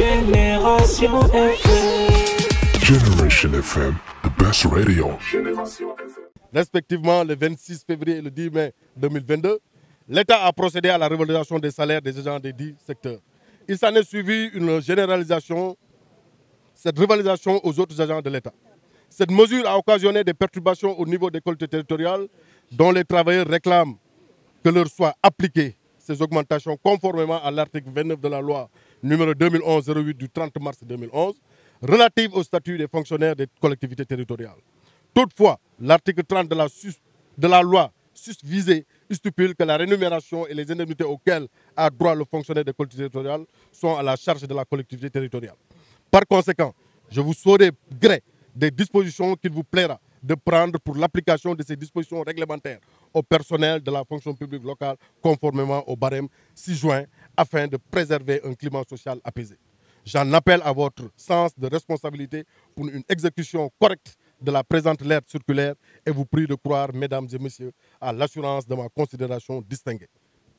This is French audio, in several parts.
Génération FM. Generation FM, the best radio. Respectivement, le 26 février et le 10 mai 2022, l'État a procédé à la rivalisation des salaires des agents des dix secteurs. Il s'en est suivi une généralisation, cette rivalisation aux autres agents de l'État. Cette mesure a occasionné des perturbations au niveau des collectivités territoriales dont les travailleurs réclament que leur soient appliquées ces augmentations conformément à l'article 29 de la loi numéro 2011-08 du 30 mars 2011, relative au statut des fonctionnaires des collectivités territoriales. Toutefois, l'article 30 de la, de la loi susvisée stipule que la rémunération et les indemnités auxquelles a droit le fonctionnaire des collectivités territoriales sont à la charge de la collectivité territoriale. Par conséquent, je vous saurai gré des dispositions qu'il vous plaira de prendre pour l'application de ces dispositions réglementaires au personnel de la fonction publique locale conformément au barème 6 juin afin de préserver un climat social apaisé. J'en appelle à votre sens de responsabilité pour une exécution correcte de la présente lettre circulaire et vous prie de croire, mesdames et messieurs, à l'assurance de ma considération distinguée.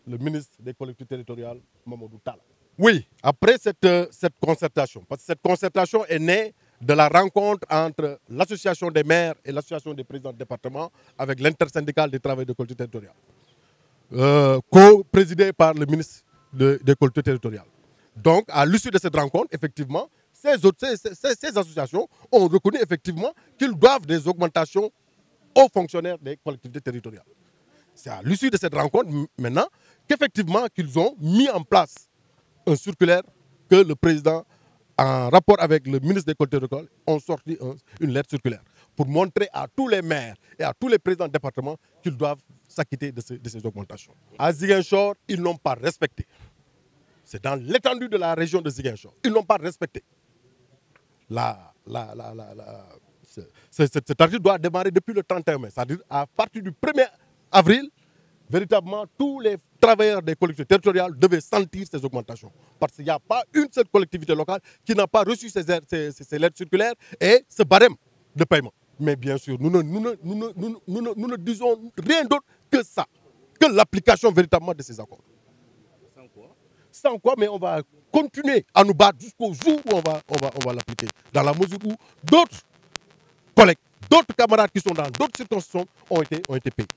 Le ministre des collectivités territoriales, Mamadou Tala. Oui, après cette, euh, cette concertation, parce que cette concertation est née de la rencontre entre l'association des maires et l'association des présidents de département avec l'intersyndicale des travailleurs de collectivités territoriales, euh, co-présidée par le ministre de, des collectivités territoriales. Donc, à l'issue de cette rencontre, effectivement, ces, autres, ces, associations ont reconnu effectivement qu'ils doivent des augmentations aux fonctionnaires des collectivités territoriales. C'est à l'issue de cette rencontre, maintenant, qu'effectivement, qu'ils ont mis en place un circulaire que le président, en rapport avec le ministre des collectivités territoriales, ont sorti une lettre circulaire pour montrer à tous les maires et à tous les présidents de département qu'ils doivent s'acquitter de, de, ces augmentations. À Ziguinchor, ils n'ont pas respecté. C'est dans l'étendue de la région de Ziguinchor. Ils n'ont pas respecté. La, la, la, la cet article doit démarrer depuis le 31 mai. C'est-à-dire à partir du 1er avril, véritablement, tous les travailleurs des collectivités territoriales devaient sentir ces augmentations. Parce qu'il n'y a pas une seule collectivité locale qui n'a pas reçu ces, lettres circulaires et ce barème de paiement. Mais bien sûr, nous nous ne disons rien d'autre que ça, que l'application véritablement de ces accords. Sans quoi Sans quoi, mais on va continuer à nous battre jusqu'au jour où on va, on va, on va l'appliquer. Dans la mesure où d'autres collègues, d'autres camarades qui sont dans d'autres circonstances ont été, ont été payés.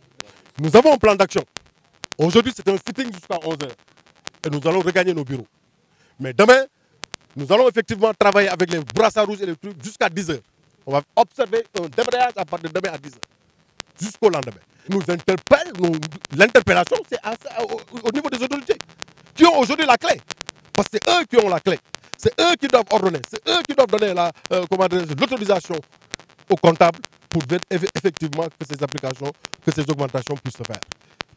Nous avons un plan d'action. Aujourd'hui, c'est un sitting jusqu'à 11h. Et nous allons regagner nos bureaux. Mais demain, nous allons effectivement travailler avec les brassards rouges et les trucs jusqu'à 10h. On va observer un débrayage à partir de demain à 10h. Jusqu'au lendemain nous interpellons, L'interpellation, c'est au, niveau des autorités qui ont aujourd'hui la clé. Parce que c'est eux qui ont la clé. C'est eux qui doivent ordonner. C'est eux qui doivent donner euh, l'autorisation aux comptables pour effectivement que ces applications, que ces augmentations puissent se faire.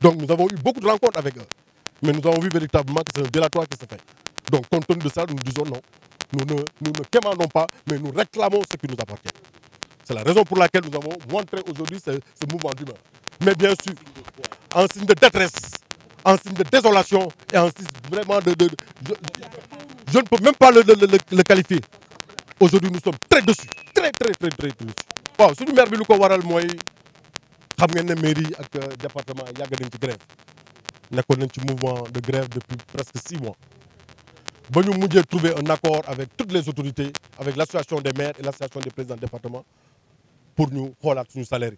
Donc nous avons eu beaucoup de rencontres avec eux. Mais nous avons vu véritablement que c'est un délatoire qui se fait. Donc compte tenu de ça, nous disons non. Nous ne, commandons pas, mais nous réclamons ce qui nous appartient. C'est la raison pour laquelle nous avons montré aujourd'hui ce, ce mouvement d'humeur mais bien sûr, en signe de détresse, en signe de désolation et en signe vraiment de... je, ne peux même pas le, le, qualifier. Aujourd'hui, nous sommes très dessus, très, très, très, très, très dessus. waaw suñu maire bi lu ko waral mooy xam ngeen ne mairie ak euh, département yàgg a ci grève nekkoon nañ ci mouvement de grève depuis presque six mois Bon, nous mujjee trouver un accord avec toutes les autorités avec l'association des maires et l'association des présidents de département pour nous xoolaat suñu salaire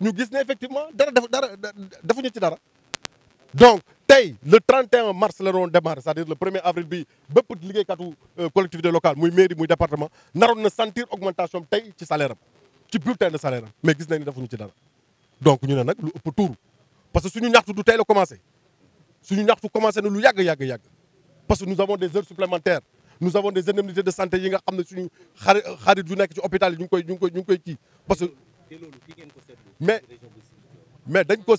nous gis effectivement dara def dara defuñu ci dara donc tay le 31 mars le démarre c'est-à-dire le 1er avril bi bépp liggéeykatu euh, collectivité locale muy mairie muy département nous na sentir augmentation tay ci salaire am ci bulletin de salaire mais gis nañ ne defuñu ci dara donc ñu ne nag lu ëpp tuuru parce que suñu nous du tay la commencé suñu avons commencé na lu nous yàgg parce que nous avons des heures supplémentaires nous avons des indemnités de santé yi nga xam ne suñu xarit xarit yu nekk ci hôpital ñu parce que mais mais le ko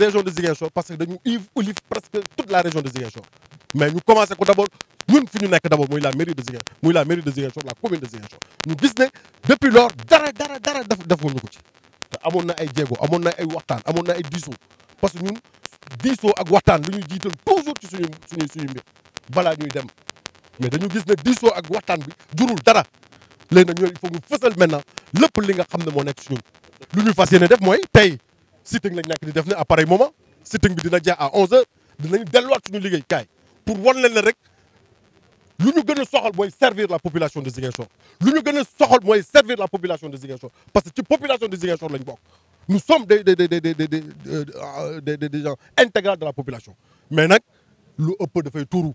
région de Ziguinchor parce que nous vivons presque toute la région de Ziguinchor mais nous commençons d'abord, nous ñun fi d'abord la mairie de Ziguinchor nous la mairie de Ziguinchor la commune de Ziguinchor nous Nous depuis lors dara dara dara nous ko ci te amoon na ay Nous parce que nous diso ak nous nous toujours ci suñu mais nous il faut nous fassions maintenant Le li nga nous à pareil moment sitting à 11h nous devons faire Nous pour servir la population de Ziguinchor nous devons servir la population de Ziguinchor parce que la population de Ziguinchor nous sommes des euh, gens intégrés de la population mais nous devons faire tout.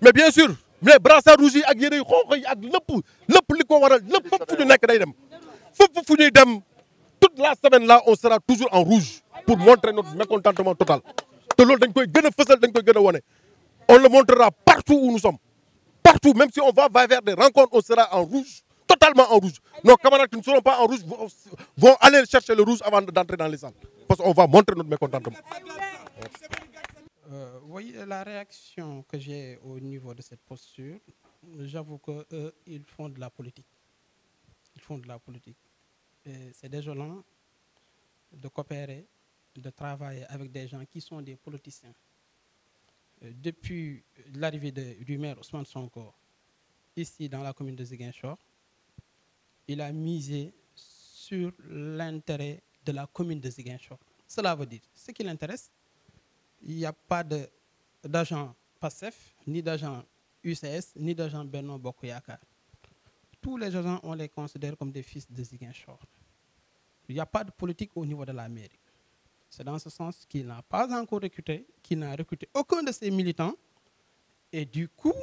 mais bien sûr mais brassard rouge yi ak le le toute la semaine là on sera toujours en rouge pour montrer notre mécontentement total on le montrera partout où nous sommes partout même si on va vers des rencontres on sera en rouge totalement en rouge nos camarades qui ne seront pas en rouge vont aller chercher le rouge avant d'entrer dans les salles parce va montrer notre mécontentement. Euh, voyez la réaction que j'ai au niveau de cette posture, j'avoue euh, ils font de la politique. Ils font de la politique. C'est désolant de coopérer, de travailler avec des gens qui sont des politiciens. Euh, depuis l'arrivée du maire Ousmane Sonko, ici dans la commune de Ziguinchor, il a misé sur l'intérêt de la commune de Ziguinchor. Cela veut dire, ce qui l'intéresse, il n'y a pas d'agent PASSEF, ni d'agent UCS, ni d'agent Bernard Bokoyaka. Tous les agents, on les considère comme des fils de Ziguinchor. Il n'y a pas de politique au niveau de la mairie. C'est dans ce sens qu'il n'a pas encore recruté, qu'il n'a recruté aucun de ses militants. Et du coup,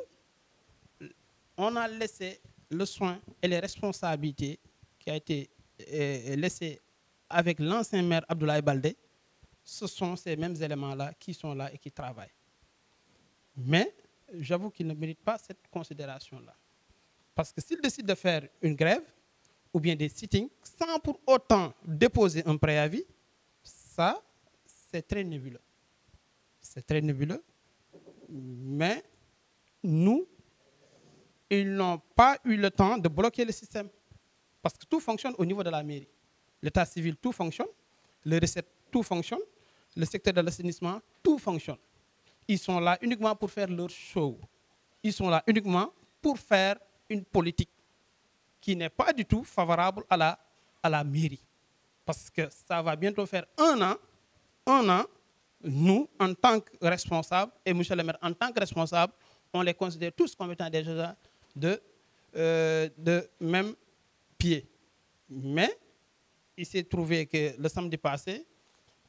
on a laissé le soin et les responsabilités qui a été euh, laissées avec l'ancien maire Abdoulaye Baldé, ce sont ces mêmes éléments-là qui sont là et qui travaillent. Mais j'avoue qu'ils ne méritent pas cette considération-là. Parce que s'ils décident de faire une grève ou bien des sittings sans pour autant déposer un préavis, ça, c'est très nébuleux. C'est très nébuleux. Mais nous, ils n'ont pas eu le temps de bloquer le système. Parce que tout fonctionne au niveau de la mairie. L'état civil, tout fonctionne. Les recettes, tout fonctionne. Le secteur de l'assainissement, tout fonctionne. Ils sont là uniquement pour faire leur show. Ils sont là uniquement pour faire une politique qui n'est pas du tout favorable à la, à la mairie. Parce que ça va bientôt faire un an, un an, nous, en tant que responsables, et M. le maire, en tant que responsable, on les considère tous comme étant des gens de, euh, de même pied. Mais il s'est trouvé que le samedi passé,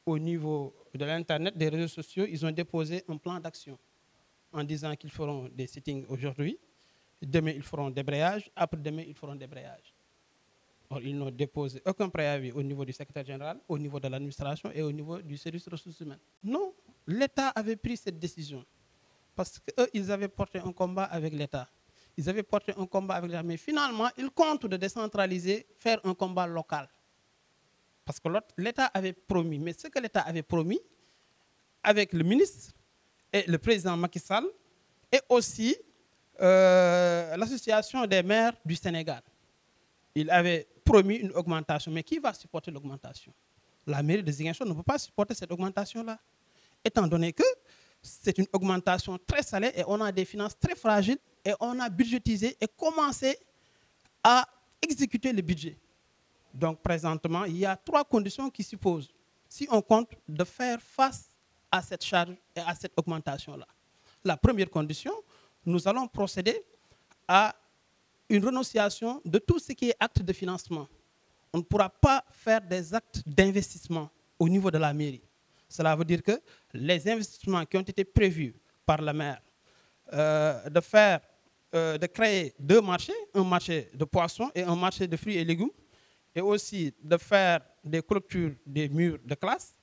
au niveau de l'Internet, des réseaux sociaux, ils ont déposé un plan d'action en disant qu'ils feront des sittings aujourd'hui, demain ils feront des brayages, après-demain ils feront des brayages. ils n'ont déposé aucun préavis au niveau du secrétaire général, au niveau de l'administration et au niveau du service ressources humaines. Non, l'État avait pris cette décision parce qu'eux, avaient porté un combat avec l'État. Ils avaient porté un combat avec l'armée. finalement, ils comptent de décentraliser, faire un combat local. Parce que l'État avait promis, mais ce que l'État avait promis avec le ministre et le président Macky Sall et aussi euh, l'association des maires du Sénégal. Il avait promis une augmentation, mais qui va supporter l'augmentation La mairie de Ziguinchor ne peut pas supporter cette augmentation-là, étant donné que c'est une augmentation très salée et on a des finances très fragiles et on a budgétisé et commencé à exécuter le budget. Donc présentement, il y a trois conditions qui supposent, si on compte, de faire face à cette charge et à cette augmentation-là. La première condition, nous allons procéder à une renonciation de tout ce qui est acte de financement. On ne pourra pas faire des actes d'investissement au niveau de la mairie. Cela veut dire que les investissements qui ont été prévus par la maire euh, de faire, euh, de créer deux marchés, un marché de poissons et un marché de fruits et légumes, et aussi de faire des clôtures des murs de classe,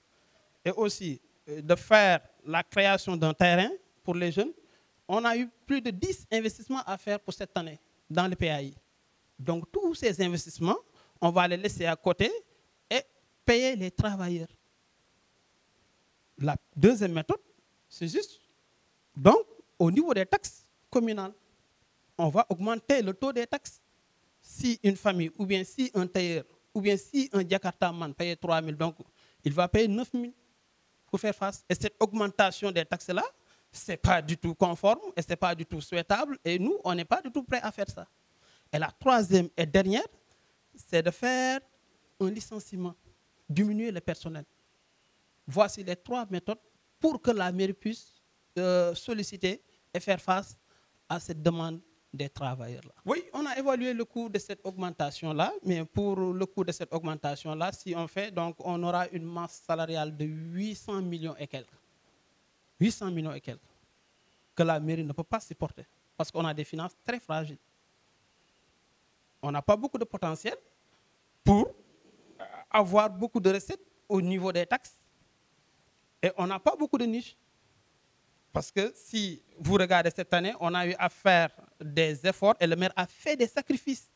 et aussi euh, de faire la création d'un terrain pour les jeunes. On a eu plus de 10 investissements à faire pour cette année dans le PAI. Donc tous ces investissements, on va les laisser à côté et payer les travailleurs. La deuxième méthode, c'est juste, donc au niveau des taxes communales, on va augmenter le taux des taxes si une famille, ou bien si un tailleur, ou bien si un Jakartaman payait 3 000, donc il va payer 9 000 pour faire face. Et cette augmentation des taxes-là, ce n'est pas du tout conforme et ce n'est pas du tout souhaitable. Et nous, on n'est pas du tout prêt à faire ça. Et la troisième et dernière, c'est de faire un licenciement, diminuer le personnel. Voici les trois méthodes pour que la mairie puisse euh, solliciter et faire face à cette demande des travailleurs-là. Oui, on a évalué le coût de cette augmentation-là, mais pour le coût de cette augmentation-là, si on fait, donc on aura une masse salariale de 800 millions et quelques. 800 millions et quelques que la mairie ne peut pas supporter parce qu'on a des finances très fragiles. On n'a pas beaucoup de potentiel pour avoir beaucoup de recettes au niveau des taxes et on n'a pas beaucoup de niches. Parce que si vous regardez cette année, on a eu à faire des efforts et le maire a fait des sacrifices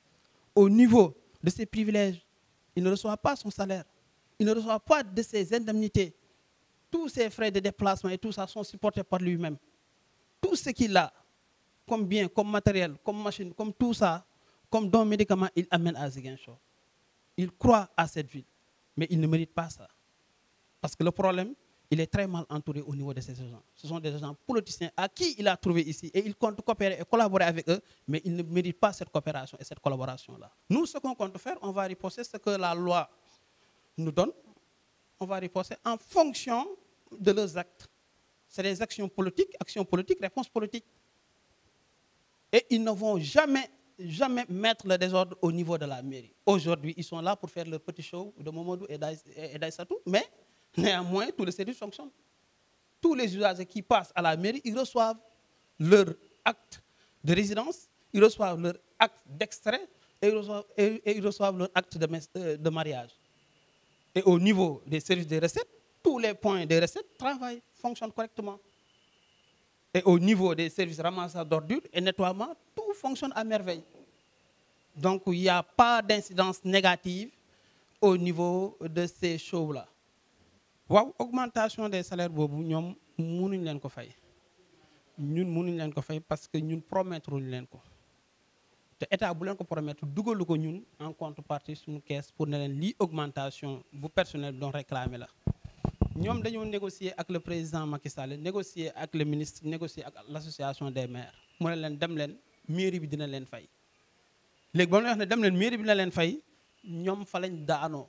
au niveau de ses privilèges. Il ne reçoit pas son salaire. Il ne reçoit pas de ses indemnités. Tous ses frais de déplacement et tout ça sont supportés par lui-même. Tout ce qu'il a, comme bien, comme matériel, comme machine, comme tout ça, comme dons médicaments, il amène à Ziguinchor. Il croit à cette ville, mais il ne mérite pas ça. Parce que le problème, il est très mal entouré au niveau de ces gens. Ce sont des gens politiciens à qui il a trouvé ici et il compte coopérer et collaborer avec eux, mais il ne mérite pas cette coopération et cette collaboration-là. Nous, ce qu'on compte faire, on va riposter ce que la loi nous donne, on va riposter en fonction de leurs actes. C'est des actions politiques, actions politiques, réponses politiques. Et ils ne vont jamais, jamais mettre le désordre au niveau de la mairie. Aujourd'hui, ils sont là pour faire le petit show de Momodou et d'Aïssatou, mais Néanmoins, tous les services fonctionnent. Tous les usagers qui passent à la mairie, ils reçoivent leur acte de résidence, ils reçoivent leur acte d'extrait et, ils reçoivent leur acte euh, de, mariage. Et au niveau des services de recettes, tous les points de recettes travaillent, fonctionnent correctement. Et au niveau des services ramassage d'ordures et nettoiement, tout fonctionne à merveille. Donc il n'y a pas d'incidence négative au niveau de ces choses-là waaw augmentation des salaires bobu ñom munuñ leen ko fay ñun munuñ leen ko fay parce que ñun promettre ñu leen ko té état bu leen ko promettre dugalu ko ñun en contrepartie suñu caisse pour ne leen augmentation bu personnel don réclamer la. ñom dañu négocier ak le président Macky Sall négocier ak le ministre négocier ak l'association des maires mu leen dem leen mairie bi dina leen fay léegi ba mu wax ne dem leen mairie bi dina leen fay ñom fa lañ daano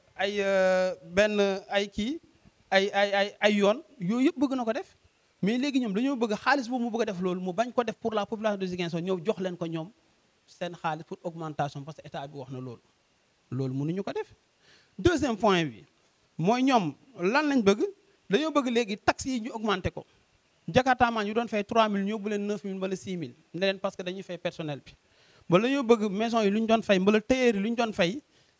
ay ben ay ki ay ay ay ay yoon yooyu yëpp bëgg na def mais léegi ñom dañu bëgg xaaliss bu mu bëgg def lool mu bañ ko def pour la population de Ziguinchor ñëw jox leen ko ñom sen xaaliss pour augmentation parce que état bi wax na lool loolu mënuñu ko def deuxième point bi moy ñom lan lañ bëgg dañu bëgg léegi taxes yi ñu augmenter ko jakartaamaan ñu doon fay 3000 ñu yóbbu leen 9000 wala 6000 ne leen parce que dañuy fay personnel bi wala ñoo bëgg maison yi luñ doon fay mbala tailleur luñ doon fay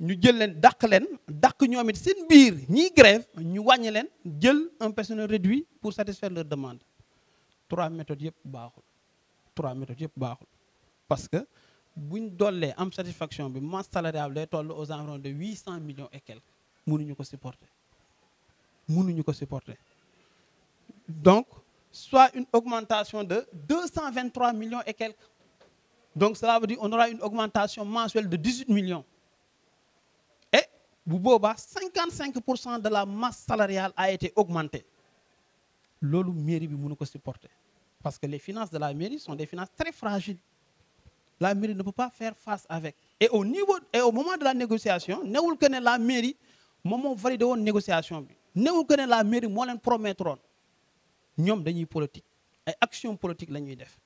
nous jël leen dàq leen dàq ñoom seen grève ñu un personnel réduit pour satisfaire leur demande trois méthodes yëpp baaxul trois méthodes parce que buñ avons am satisfaction bi masse salariale aux environs de 800 millions et quelques nous ko supporter mënuñu ko supporter donc soit une augmentation de 223 millions et quelques donc cela veut dire qu'on aura une augmentation mensuelle de 18 millions bu 55 de la masse salariale a été augmentée loolu mairie bi peut supporter parce que les finances de la mairie sont des finances très fragiles la mairie ne peut pas faire face avec et au niveau et au moment de la négociation newul que ne la mairie moment validé la négociation bi newul que la mairie moo leen promettroon Nous dañuy politique ay action politique la actions def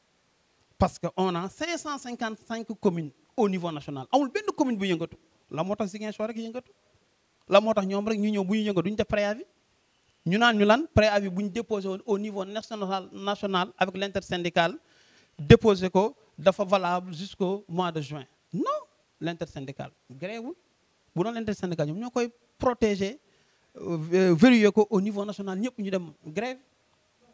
parce que on a 555 communes au niveau national amul benn commune bu yëngatu la moo tax Ziguinchor rek la motax ñom rek ñu ñew bu ñu yënga duñu def préavis ñu naan ñu lan préavis bu ñu déposé won au niveau national national avec l'intersyndicale déposé ko dafa valable jusqu'au mois de juin non l'intersyndicale Grève bu doon l'intersyndicale ñoom ñoo protéger euh, euh, vérifier ko au niveau national ñëpp ñu dem grève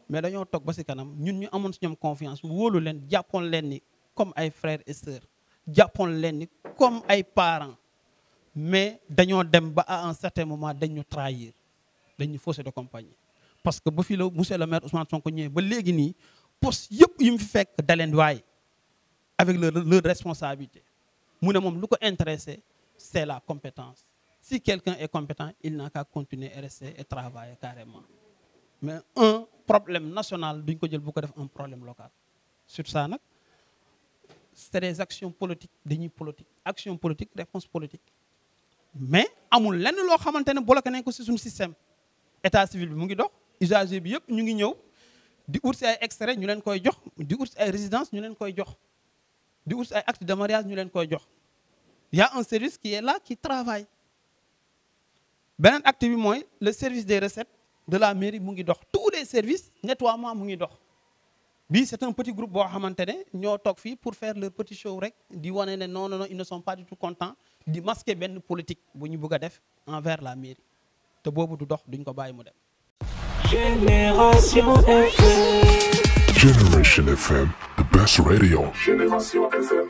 mais dañoo toog ba si kanam ñun ñu amoon si ñoom confiance wóolu leen jàppoon leen ni comme ay frères et sœurs jàppoon leen ni comme ay parents mais dañoo dem ba à un certain moment dañu trahir dañu fausser de compagnie parce que bu fi la monsieur le maire Ousmane Sonko ñëwee ba léegi nii poste yëpp yu mu fi fekk avec leur leur responsabilité mu ne moom lu intéressé c'est la compétence si quelqu'un est compétent il n'a qu'à continuer à rester et travailler carrément mais un problème national duñ ko jël bu ko def un problème local sur ça c'est des actions politiques dañuy politique action politique réponse politique mais amul lenn loo xamante ne bloqué nañ ko si suñu système état civil bi mu ngi dox usager bi yëpp ñu ngi ñëw di ut ay extrait ñu leen koy jox di ut ay résidence ñu leen koy jox di ut ay acte de mariage ñu leen koy jox y a un service qui est là qui travaille beneen acte bi mooy le service des recettes de la mairie mu ngi dox tous les services nettoiement mu ngi dox bii c'est un petit groupe boo xamante ne ñoo toog fii pour faire leur petit show rek di wane ne non non non ils ne sont pas du tout contents di masquer benn politique bu ñu bëgg a def envers la mairie te boobu du dox duñ ko bàyyi mu dem. Génération FM. Génération FM, the best radio. Génération FM.